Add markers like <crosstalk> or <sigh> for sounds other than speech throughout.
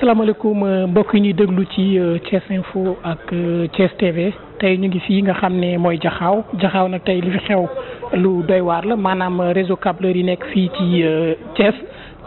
asalaamaaleykum euh, mbokk yi ñuy déglu ci euh, Thiès Info ak euh, Thiès TV tey ñu ngi fii nga xam ne mooy Jaxaaw Jaxaaw nag tey li fi xew lu doy waar la maanaam réseau câbleur yi nekk fii ci Thiès.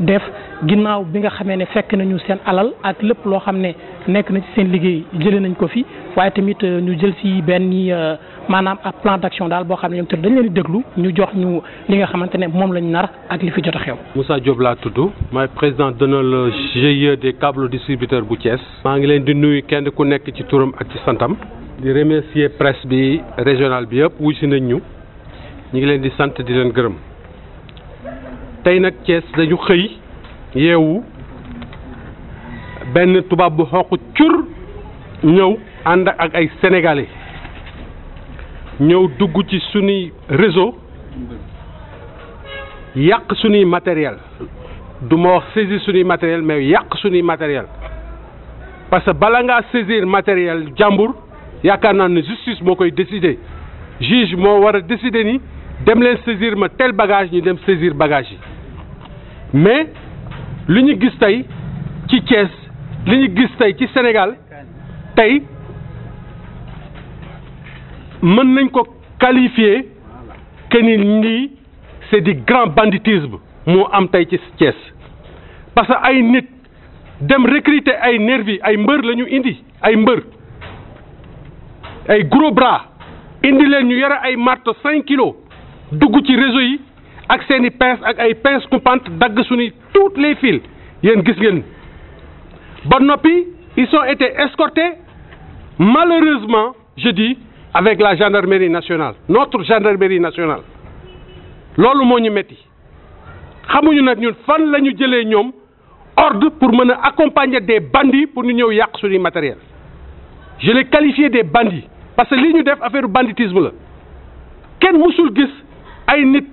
def ginnaw bi nga xamee ne fekk nañu seen alal ak lepp lo xamné nek na ci seen liggéey jëlee nañ ko fi waye tamit euh, ñu jël ci benn euh, manam ab plan d'action dal bo xamné ne ñoom dañ leen di déglu ñu jox ñu li nga xamante ne moom lañ nar ak li fi jot xew. Moussa Diop la tuddu may président d'honneur GIE des câbles distributeurs bu Thiès. ma ngi leen di nuyu kenn ku nekk ci turam ak ci santam. di remercier presse bi régional bi yëpp wuy ci nañ ñu ñi ngi leen di sant di leen gërëm. tey nag cees dañu xëy yeewu benn tubaab bu xonq cur ñëw ànd ak ay sénégalais ñëw dugg ci sunuy réseau yàq sunuy matériel du ma wax saisir sunuy matériel mais yàq sunuy matériel parce que bala ngaa saisir matériel jàmbur yaakaar naa ne justice moo koy décider juge moo war a décider ni dem len saisir ma tel bagage ñu dem saisir bagage mais li ñu gis tey ci Thiès liñu gis ci Sénégal tay mën nañ ko qualifier que ni c'est du grand banditisme mo am tay ci Thiès parce que ay nit dem recruter ay nervi ay mbeur lañu indi ay mbeur ay gros bras indi len ñu yara ay marteau cinq kilos Dougouti ci réseau yi ak seen pince ak ay pince coupante dagg toutes les fils yéen gis ngeen ba noppi ils sont été escortés malheureusement je dis avec la gendarmerie nationale notre gendarmerie nationale loolu moo ñu metti xamuñu nag ñun fan la ñu jëlee ñoom ordre pour mën accompagner des bandits pour ñu ñëw yàq suñu matériel je les qualifié des bandits parce que li ñu def affaire banditisme la kenn musul gis ay nit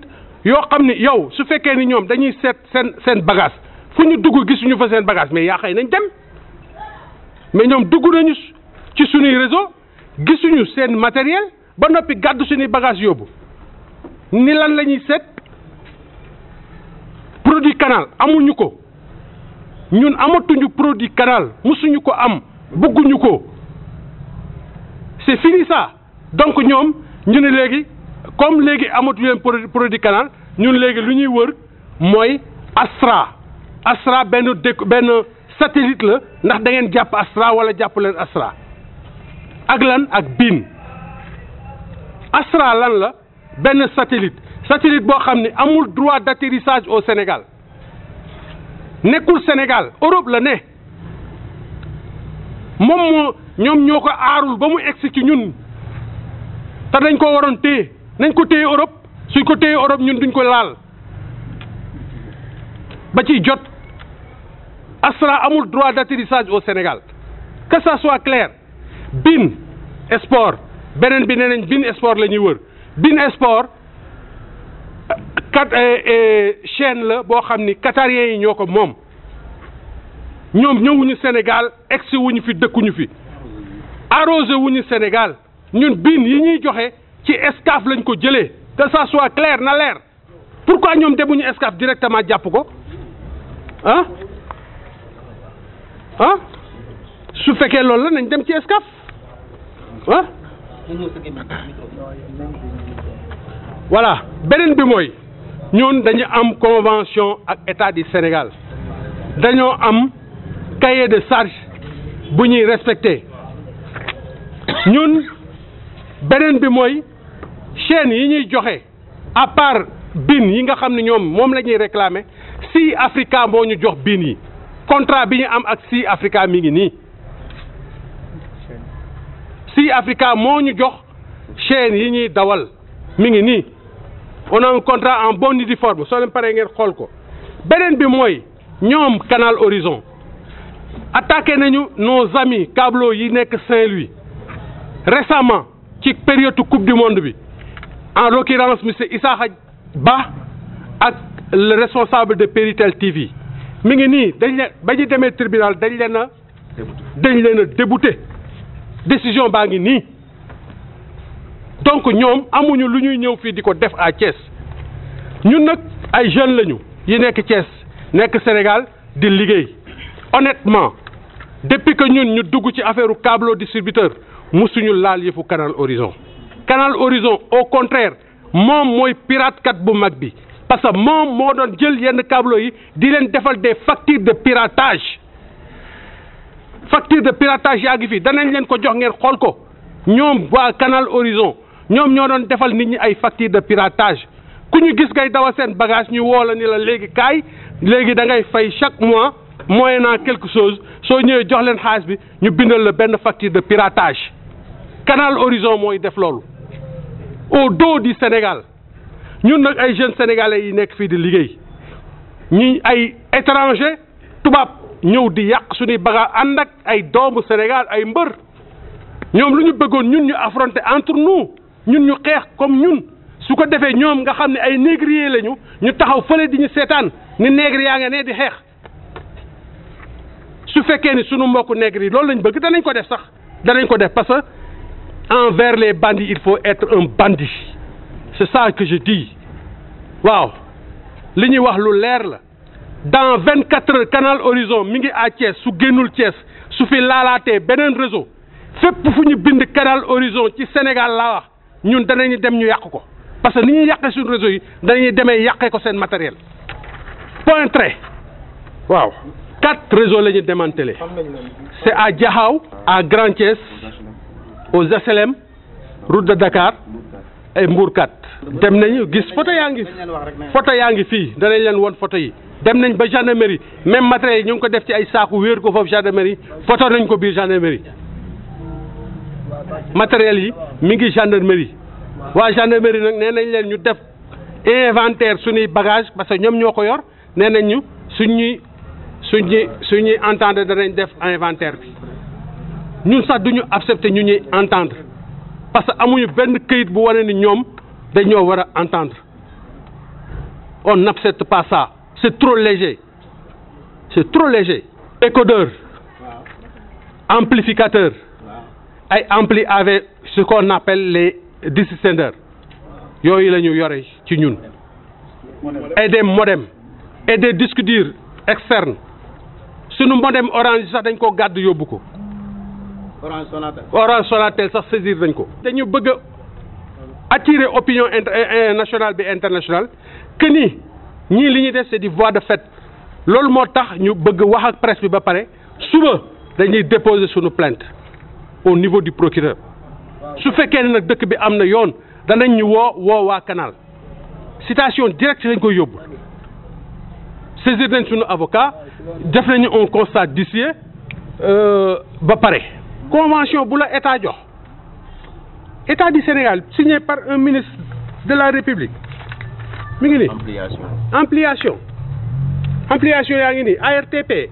yoo xam ne yow su fekkee ni ñoom dañuy seet seen seen bagage fu ñu dugg gisuñu fa seen bagage mais yaa xëy nañ dem mais ñoom dugg nañu ci suñuy réseau gisuñu seen matériel ba noppi gàddu suñuy bagage yóbbu ni lan la ñuy seet produit canal amuñu ko ñun amatuñu produit canal musuñu ko am bëgguñu ko c'est fini donc ñoom ñu ne léegi comme léegi amatu leen produit produit canal ñun léegi lu ñuy wër mooy Astra Astra benn dëkk benn satellite la ndax da jàpp Astra wala jàpp leen Astra ak lan ak biin Astra lan la benn satelit satellite boo xam ne amul droit d'atterrissage au Sénégal nekkul Sénégal Europe la ne moom moo ñoom ñoo ko aarul ba mu egsi ci ñun te dañ ko waroon téye nañ ko téye Europe suñ ko téye Europe ñun duñ ko laal ba ci jot Astra amul droit d'atterrissage au Sénégal que ça soit clair bin sport beneen bi nee nañ bin sport la ñuy wër bin sport kat eh, eh, chaîne la boo xam ni qatariens yi ñoo ko moom ñoom ñëwuñu Sénégal egsi wuñu fi dëkkuñu fi arrosé wuñu Sénégal ñun bin yi ñuy joxe. ci escaf lañ ko que ça soit clair na l'air. pourquoi nous, nous escaf directement à ko Hein? hein su féké lool la nañ dem ci escaf Hein? voilà benen bi Nous ñun dañu convention ak l'État du Sénégal dañu am cahier de charge buñuy Nous respecté ñun benen bi moy chaîne yi ñuy joxe à part bin yi nga xam ne ñoom moom la ñuy réclamer si Africa moo ñu jox bin yi contrat bi ñu am ak si Africa mi ngi nii si Africa moo ñu jox chaîne yi ñuy dawal mi ngi nii on a un contrat en bonne uniforme soo leen paree ngeen xool ko beneen bi mooy ñoom Canal Horizon attaqué nañu nos amis cablo yi nekk Saint-Louis récemment ci période coupe du monde bi en l'occurrence M. Issa Ba ak le responsable de Peritel TV mi ngi nii dañ leen tribunal dañ leen dañ débouté décision baa ngi nous donc fait amuñu qu'on a ñëw à di ko def à Thiès ñun Nous ay jeunes lañu yi à Thiès Sénégal di liggéey honnêtement depuis que nous ñu dugg l'affaire du câble distributeur nous musuñu l'allié au Canal Horizon Canal Horizon au contraire mom moy pirate kat bu mag bi parce que mom moo doon jël yenn câble yi di len defal des factures de piratage facture de piratage yaa ngi fi danañ len ko jox ngeen xol ko ñoom wa Canal Horizon ñoom ñoo doon defal nit ñi ay facture de piratage ku ñu gis ngay dawa sen bagage ñu wola ni la légui kay légui da ngay fay chaque mois moyennant quelque chose so ñëwee jox len xaalis bi ñu bindal le ben facture de piratage Canal Horizon moy def loolu. au dos di Sénégal ñun nag ay jeunes sénégalais yi nekk fii di liggéey ñu ay étranger tubaab ñëw di yàq suñuy bagaa ànd ak ay doomu Sénégal ay mbër ñoom lu ñu bëggoon ñun ñu affronter entre nous ñun ñu xeex comme ñun su ko defee ñoom nga xam ne ay négrier lañu ñu taxaw fële di ñu seetaan ni négri yaa nga ne di xeex su fekkee ni sunu mbokku négri loolu lañ bëgg danañ ko def sax danañ ko def parce que envers les bandits, il faut être un bandit. C'est ça que je dis. Waouh li ñuy wax lu la dans 24 heures canal horizon mi ngi à Thiès su génnul Thiès su fi laalaatee beneen réseau fépp pour ñu bind canal horizon ci Sénégal là wax ñun danañu dem ñu parce que ni ñuy sur suñu réseau yi danañuy demee yàqee ko seen matériel point très waaw quatre réseaux la démantelé c'est à Diahou, à Grand Thiès aux HLM route de Dakar ay Mbourkat dem nañu gis photo yaa ngi photo yaa ngi fii danañ leen woon photo yi dem nañ ba gendarmerie même matériel ñu ngi ko def ci ay saaku wéer ko foofu gendarmerie photo nañ ko biir gendarmerie matériel yi mi ngi gendarmerie waa gendarmerie nag nee nañ leen ñu def inventaire suñuy bagage parce que ñoom ñoo ko yor nee nañ ñu suñuy suñuy suñuy entendre danañ def inventaire bi nous sax duñu accepter ñu entendre parce que amuñu benn këyit bu pas ni entendre on n'accepte pas ça c'est trop léger c'est trop léger écodeur amplificateur ay ampli avec ce qu'on appelle les dissenders. yooyu la ñu yore ci ñun et des modems et des disques durs externes nous modem orange ça dañ ko beaucoup orange Sonatel orange Sonatel ça saisir nañ ko. dañu bëgg attirer opinion eh, eh, nationale et internationale que ni ni li def c'est des voies de fait Lors moo tax ñu bëgg wax ak presse bi ba Souvent, suba dañuy déposer nos plaintes au niveau du procureur su fekkee ne nag dëkk bi am na yoon un ñu woo woo canal citation directe de koy yóbbu saisir d'un suñu avocat def nañu un constat d'ici euh, ba pare convention pour l'état état du Sénégal signé par un ministre de la République ampliation ampliation. ampliation ARTP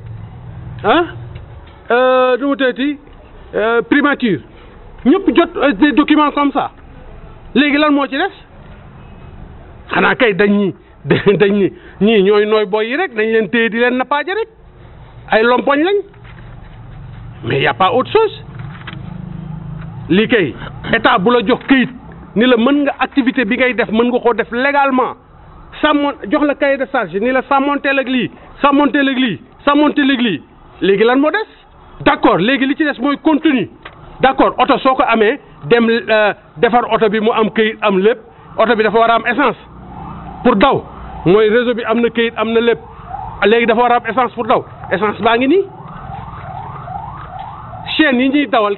Hein ah? euh, euh... primature Nous euh, avons des documents comme ça Les lan moo ci des kay dañ <laughs> a pas autre chose lii kay état bu jox ni la meun nga activité bi ngay def meun def légalement samon jox la de charge ni la monte ak lii sàmmonteel monte l'église, legli lan d'accord léegi li ci des contenu d'accord auto soko amé dem euh, defar auto bi mu am am lépp auto bi dafa essence pour daw moy réseau bi amna na amna essence pour daw essence ba ngi ni chaîne yi dawal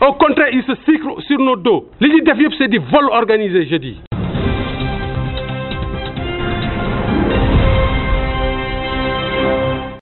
Au contraire, ils se cyclent sur nos dos. L'idée de c'est des vols organisés, je dis.